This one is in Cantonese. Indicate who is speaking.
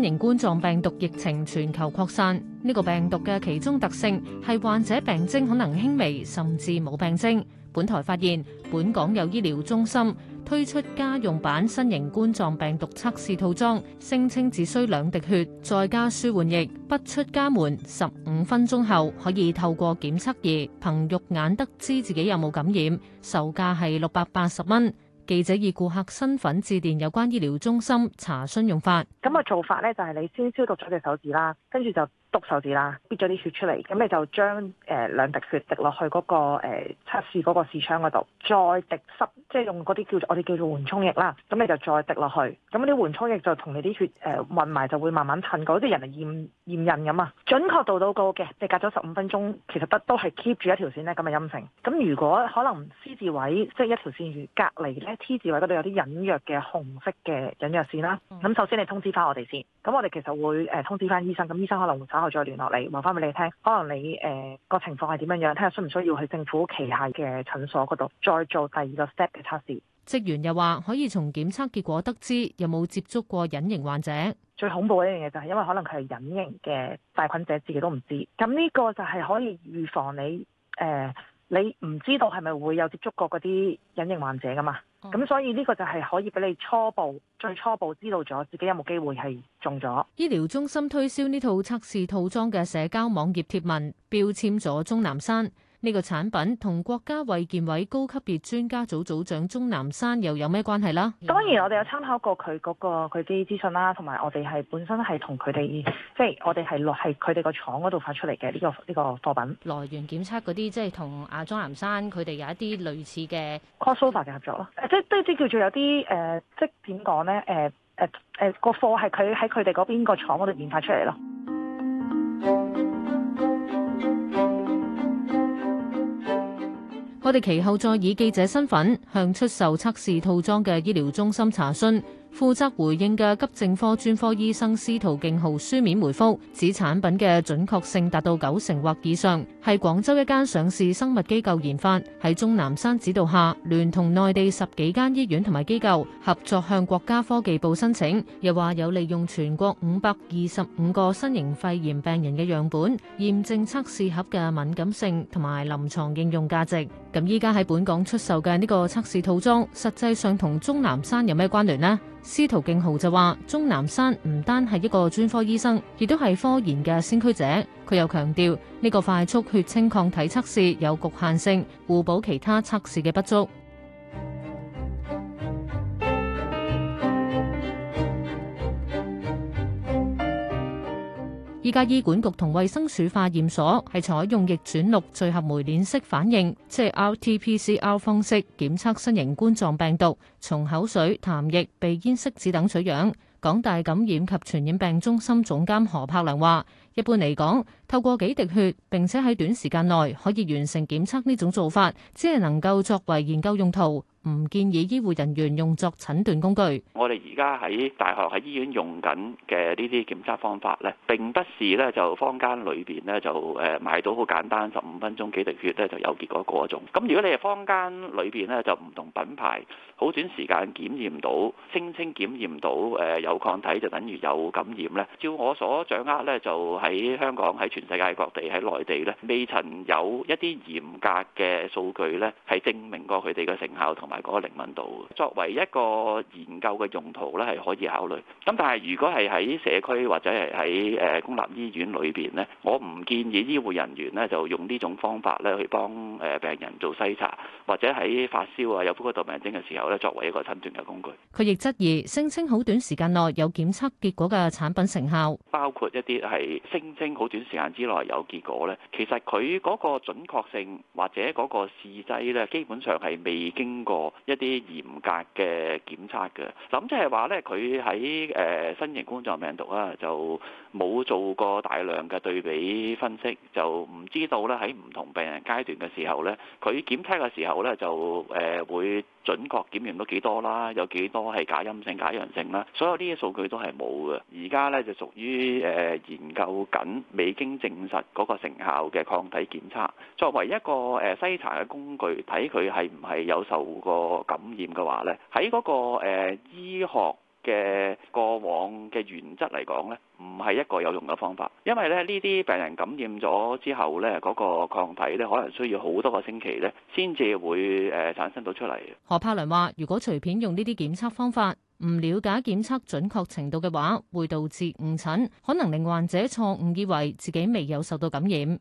Speaker 1: 新型冠狀病毒疫情全球擴散，呢個病毒嘅其中特性係患者病徵可能輕微甚至冇病徵。本台發現，本港有醫療中心推出家用版新型冠狀病毒測試套裝，聲稱只需兩滴血，再加舒緩液，不出家門，十五分鐘後可以透過檢測儀憑肉眼得知自己有冇感染，售價係六百八十蚊。記者以顧客身份致電有關醫療中心查詢用法。
Speaker 2: 咁嘅做法咧就係你先消毒咗隻手指啦，跟住就。篤手指啦，逼咗啲血出嚟，咁你就將誒、呃、兩滴血滴落去嗰、那個誒、呃、測試嗰個視窗嗰度，再滴濕，即係用嗰啲叫做我哋叫做緩衝液啦，咁你就再滴落去，咁啲緩衝液就同你啲血誒、呃、混埋，就會慢慢褪嗰啲人嚟驗驗孕咁啊，準確度都高嘅，你隔咗十五分鐘，其實都都係 keep 住一條線咧，咁嘅陰性。咁如果可能 C 字位即係、就是、一條線如隔離咧 T 字位嗰度有啲隱約嘅紅色嘅隱約線啦，咁首先你先通知翻我哋先，咁我哋其實會誒通知翻醫生，咁醫生可能會。我再聯絡你，話翻俾你聽，可能你誒個情況係點樣樣，睇下需唔需要去政府旗下嘅診所嗰度再做第二
Speaker 1: 個 step 嘅測試。職員又話，可以從檢測結果得知有冇接觸過隱形患者。最恐怖嘅一樣嘢就係，因為可能佢係隱形嘅帶菌者，自己都唔知。咁呢個
Speaker 2: 就係可以預防你誒，你唔知道係咪會有接觸過嗰啲
Speaker 1: 隱形患者噶嘛？
Speaker 2: 咁所以呢個就係可以俾你初步、最初步知道咗自己有冇機會係中咗。
Speaker 1: 醫療中心推銷呢套測試套裝嘅社交網頁貼文，標籤咗鍾南山。呢個產品同國家衛健委高級別專家組組長鍾南山又有咩關係啦？
Speaker 2: 當然，我哋有參考過佢嗰個佢啲資訊啦，同埋我哋係本身係同佢哋，即係我哋係落係佢哋個廠嗰度發出嚟嘅呢個呢個
Speaker 1: 貨品。來源檢測嗰啲，即係同阿鍾南山佢哋有一啲類似嘅 crossover 嘅合作咯。
Speaker 2: 即係都即叫做有啲誒、呃，即係點講咧？誒誒誒，個貨係佢喺佢哋嗰邊個廠嗰度研發出嚟咯。
Speaker 1: 我哋其後再以記者身份向出售測試套裝嘅醫療中心查詢。負責回應嘅急症科專科醫生司徒敬浩書面回復指，產品嘅準確性達到九成或以上，係廣州一間上市生物機構研發，喺鍾南山指導下，聯同內地十幾間醫院同埋機構合作向國家科技部申請。又話有利用全國五百二十五個新型肺炎病人嘅樣本驗證測試盒嘅敏感性同埋臨牀應用價值。咁依家喺本港出售嘅呢個測試套裝，實際上同鍾南山有咩關聯呢？司徒敬豪就話鍾南山唔單係一個專科醫生，亦都係科研嘅先驅者。佢又強調，呢個快速血清抗體測試有局限性，互補其他測試嘅不足。依家醫管局同衛生署化驗所係採用逆轉錄聚合酶鏈式反應，即係 RT-PCR 方式檢測新型冠狀病毒，從口水、痰液、鼻咽拭子等取樣。港大感染及傳染病中心總監何柏良話。一般嚟講，透過幾滴血並且喺短時間內可以完成檢測呢種做法，只係能夠作為研究用途，唔建議醫護人員用作診斷工具。
Speaker 3: 我哋而家喺大學喺醫院用緊嘅呢啲檢測方法咧，並不是咧就坊間裏邊咧就誒買到好簡單，十五分鐘幾滴血咧就有結果嗰種。咁如果你係坊間裏邊咧就唔同品牌，好短時間檢驗到聲稱檢驗到誒有抗體就等於有感染咧，照我所掌握咧就係。喺香港、喺全世界各地、喺內地咧，未曾有一啲嚴格嘅數據咧，係證明過佢哋嘅成效同埋嗰個靈敏度。作為一個研究嘅用途咧，係可以考慮。咁但係如果係喺社區或者係喺誒公立醫院裏邊咧，我唔建議醫護人員咧就用呢種方法咧去幫誒病人做篩查，或者喺發燒啊、有呼吸道病症嘅時候咧，作為一個診斷嘅工具。
Speaker 1: 佢亦質疑聲稱好短時間內有檢測結果嘅產品成效，
Speaker 3: 包括一啲係。聲稱好短時間之內有結果呢，其實佢嗰個準確性或者嗰個試劑呢，基本上係未經過一啲嚴格嘅檢測嘅。咁即係話呢，佢喺誒新型冠狀病毒啊，就冇做過大量嘅對比分析，就唔知道呢。喺唔同病人階段嘅時候呢，佢檢測嘅時候呢，就誒、呃、會準確檢驗到幾多啦，有幾多係假陰性、假陽性啦，所有呢啲數據都係冇嘅。而家呢，就屬於誒、呃、研究。緊未經證實嗰個成效嘅抗體檢測，作為一個誒篩查嘅工具，睇佢係唔係有受過感染嘅話呢，喺嗰個誒、呃、醫學嘅過往嘅原則嚟講呢，唔係一個有用嘅方法，因為咧呢啲病人感染咗之後咧，嗰個抗體咧可能需要好多個星期咧，先至會誒產生到出嚟。
Speaker 1: 何柏良話，如果隨便用呢啲檢測方法，唔了解檢測準確程度嘅話，會導致誤診，可能令患者錯誤以為自己未有受到感染。